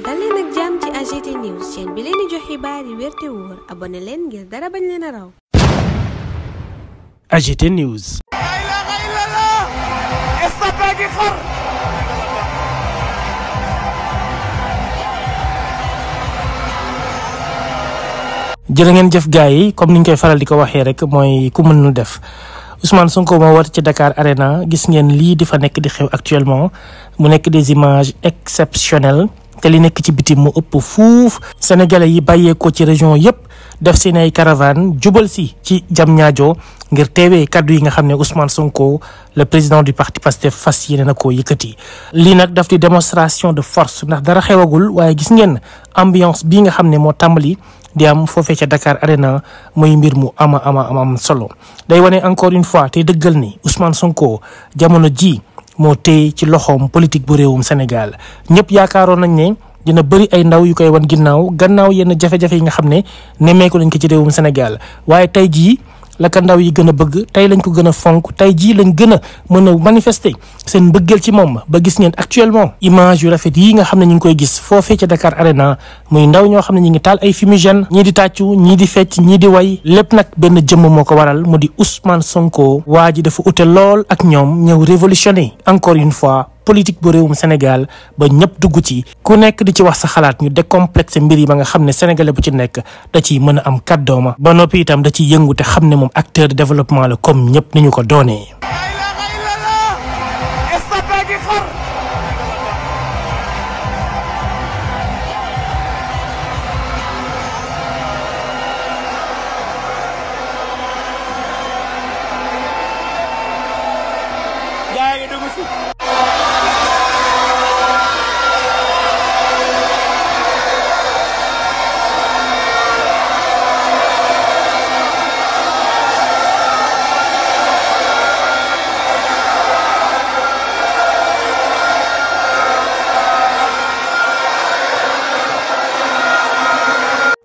dal leen ak jàmm ci AGT news chaîne bi leen di jox xibaar yi wér wóor abonné leen ngir dara bañ leen a raw. AGT news. jërë ngeen jëf yi comme niñ koy faral di ko waxee rek mooy ku mënul def. Ousmane Sonko moo woote ci Dakar Arena gis ngeen lii di fa nekk di xew actuellement mu nekk des images exceptionnelles te li nekk ci bitim moo ëpp fuuf sénégalais yi bàyyeekoo ci région yépp def seen ay caravane jubal si ci jam ñaajo ngir teewee kaddu yi nga xam ne Ousmane Sonko le président du parti Pastef fas yéene na koo yëkkati. lii nag daf di démonstration de force ndax dara xewagul waaye gis ngeen ambiance bii nga xam ne moo tàmbali di am foofee ca Dakar Arena mooy mbir mu ama ama ama am solo. day wane encore une fois te dëggal ni Ousmane Sonko jamono ji moo téye ci loxoom politique bu réewum Sénégal ñëpp yaakaaroon nañ ne dina bëri ay ndaw yu koy wan ginnaaw gannaaw yenn jafe-jafe yi nga xam ne nemmeeku nañ ko ci réewum Sénégal waaye tey jii la ko ndaw yi gën a bëgg tey lañ ko gën a fonk tey jii lañ gën a mën a manifester seen mbëggeel ci moom ba gis ngeen actuellement image yu rafet yi nga xam ne ñu ngi koy gis foofee ca Dakar Arena muy ndaw ñoo xam ne ñu ngi taal ay fumigène ñii di tàccu ñii di fecc ñii di way lépp nag benn jëmm moo ko waral mu di Ousmane Sonko waa ji dafa ute lool ak ñoom ñëw révolutionner encore une fois politique bu réewum Sénégal ba ñëpp dugg ci ku nekk di ci wax sa xalaat ñu décomplexe mbir yi ba nga xam ne sénégalais bu ci nekk da ciy mën a am kàddooma ba noppi itam da ciy yëngu te xam ne moom acteur de développement la comme ñëpp ni ñu ko doonee.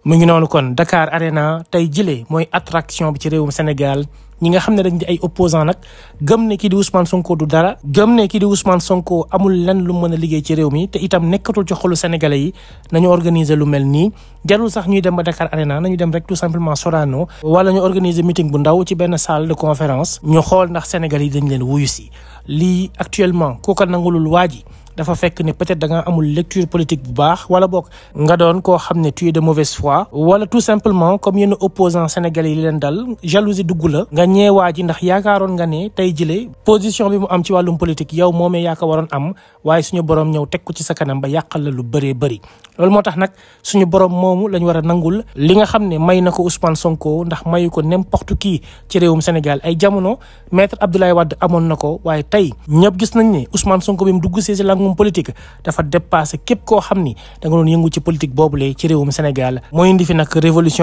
mu ngi noonu kon Dakar Arena tey jile mooy attraction bi ci réewum Sénégal ñi nga xam ne dañ di ay opposant nag gëm ne kii di Ousmane Sonko du dara gëm ne kii di Ousmane Sonko amul lenn lu mën a liggéey ci réew mi te itam nekkatul ci xolu sénégalais yi nañu organiser lu mel nii jarul sax ñuy dem ba Dakar Arena nañu dem rek tout simplement Sorano wala ñu organiser meeting bu ndaw ci benn salle de conférence ñu xool ndax sénégalais yi dañ leen wuyu si lii actuellement kooka nangulul waa ji dafa fekk ne peut-être da nga amul lecture politique bu baax wala boog nga doon koo xam ne tu es de mauvaise foi wala tout simplement comme yenn opposants sénégalais yi leen dal jalousie dugg la nga ñeewaa ji ndax yaakaaroon nga ne tey jile position bi mu am ci wàllum politique yow moomee yaa ko waroon am waaye suñu boroom ñëw teg ko ci sa kanam ba yàqal la lu bëree bëri loolu moo tax nag suñu borom moomu lañ war a nangul li nga xam ne may na ko Ousmane Sonko ndax mayu ko n'importe qui ci réewum Sénégal ay jamono maître Abdoulaye Wade amoon na ko waaye tey ñëpp gis nañ ne Ousmane Sonko bi mu dugg si njàngum politique dafa dépassé képp koo xam ni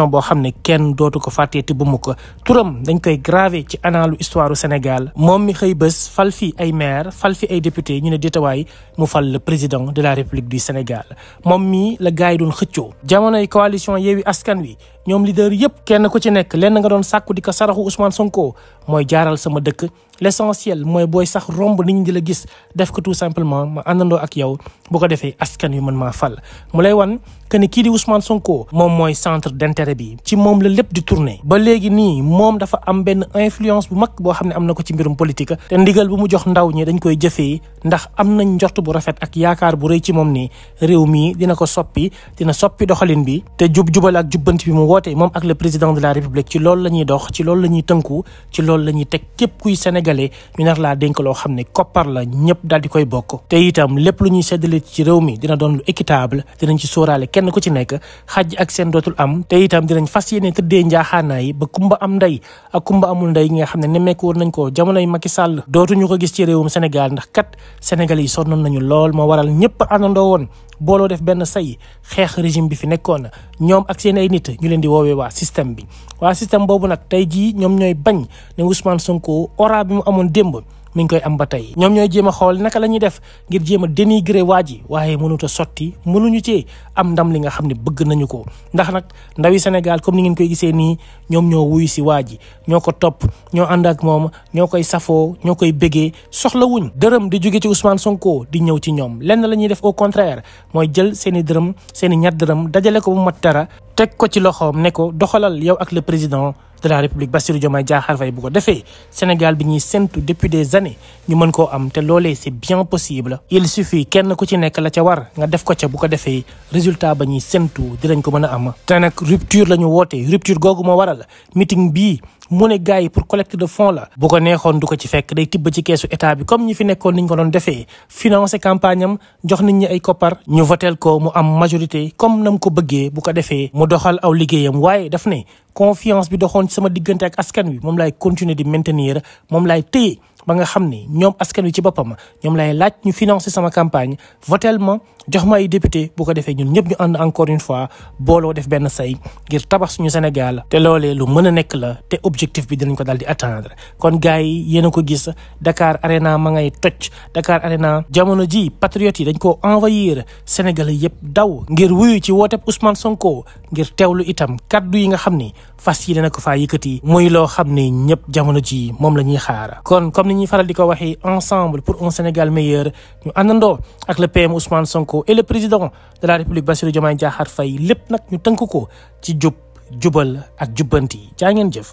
boo xam ne kenn dootu ko fàtteeti bu mu ko turam dañ koy gravé ci analu histoire Sénégal moom mi xëy bés fal fi ay maire fal fi ay député ñu ne détawaay mu fal le président de la République du Sénégal moom mi la gars yi doon xëccoo jamonoy coalition Yewwi Askan Wi ñoom leader yëpp kenn ku ci nekk lenn nga doon sàkku di ko saraxu Ousmane Sonko mooy jaaral sama dëkk l' essentiel mooy booy sax romb nit ñi di la gis def ko tout simplement ma àndandoo ak yow boo ko defee askan yu mën maa fal mu lay wan que ni kii di Ousmane Sonko moom mooy centre d'intérêt bi ci moom la lépp di tourner ba léegi nii moom dafa am benn influence bu mag boo xam ne am na ko ci mbirum politique te ndigal bu mu jox ndaw ñi dañ koy jëfee ndax am nañ njort bu rafet ak yaakaar bu rëy ci moom ni réew mi dina ko soppi dina soppi doxalin bi te jub-jubal ak jubbanti bi mu wootee moom ak le président de la république ci lool la ñuy dox ci loolu la ñuy tënku ci lool la ñuy teg képp kuy sénégalais ñu nar laa dénk loo xam ne koppar la ñëpp daal di koy bokk te itam lépp lu ñuy séddale ci réew mi dina doon lu équitable dinañ ci sóoraale kenn ku ci nekk xaj ak seen dootul am te itam dinañ fas yéene tëddee njaaxaanaay yi ba kumba am ndey a kumba amul ndey yi nga xam ne nemmeeku woon nañ ko jamonoy Macky Sall dootuñu ko gis ci réewum senegal ndax kat Sénégal yi sonnoon nañu lool moo waral ñëpp àndandoo woon booloo def benn say xeex régime bi fi nekkoon ñoom ak seen ay nit ñu leen di woowee waa système bi waa système boobu nag tey jii ñoom ñooy bañ ne Ousmane Sonko ora bi mu amoon démb mi ngi koy am ba tey ñoom ñooy jéem a xool naka la ñuy def ngir jéem a dénigrer waa ji waaye mënut a sotti mënuñu ci am ndam li nga xam ne bëgg nañu ko ndax nag ndawi Sénégal comme ni ngeen koy gisee nii ñoom ñoo wuyu si waa ji ñoo ko topp ñoo ànd ak moom ñoo koy safoo ñoo koy bégee soxlawuñ dërëm di jóge ci Ousmane Sonko di ñëw ci ñoom lenn la ñuy def au contraire mooy jël seen i dërëm seen i ñaar dërëm dajale ko bu mat dara teg ko ci loxoom ne ko doxalal yow ak le président de la république Bassirou Diomaye Diakhar Faye bu ko defee Sénégal bi ñuy séntu depuis des années ñu mën koo am te loolee c'est bien possible il suffit kenn ku ci nekk la ca war nga def ko ca bu ko defee résultat ba ñuy séntu dinañ ko mën a am te nag rupture la ñu woote rupture googu moo waral meeting bii mu ne gars yi pour collecte de fonds la bu ko neexoon du ko ci fekk day tibb ci keesu état bi comme ñi fi nekkoon niñ ko doon defee financer campagne am jox nit ñi ay koppar ñu voteel ko mu am majorité comme na nam ko bëggee bu ko defee mu doxal aw liggéeyam waaye daf ne confiance bi doxoon sama diggante ak askan wi moom laay continuer di maintenir moom laay téye ba nga xam ni ñoom askan wi ci boppam ñoom lay laaj ñu financer sama campagne votel ma jox ma ay député bu ko defee ñun ñëpp ñu ànd encore une fois booloo def benn say ngir tabax suñu Sénégal te loolee lu mën a nekk la te objectif bi dinañ ko daal di atteindre kon gars yi yéen a ko gis Dakar Arena ma ngay toj Dakar Arena jamono ji patriotes yi dañ koo envahir Sénégalais yëpp daw ngir wuyu ci wooteb Ousmane Sonko ngir teewlu itam kaddu yi nga xam ni fas yi dana ko faa yëkkati muy loo xam ni ñëpp jamono ji moom la ñuy kon comme ni ñuy faral di ko waxee ensemble pour un Sénégal meilleur ñu àndandoo ak le PM Ousmane Sonko et le président de la République Bassirou Diomaye Diakhar Faye lépp nag ñu tënk ko ci jub jubal ak jubbanti jaa ngeen jëf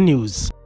News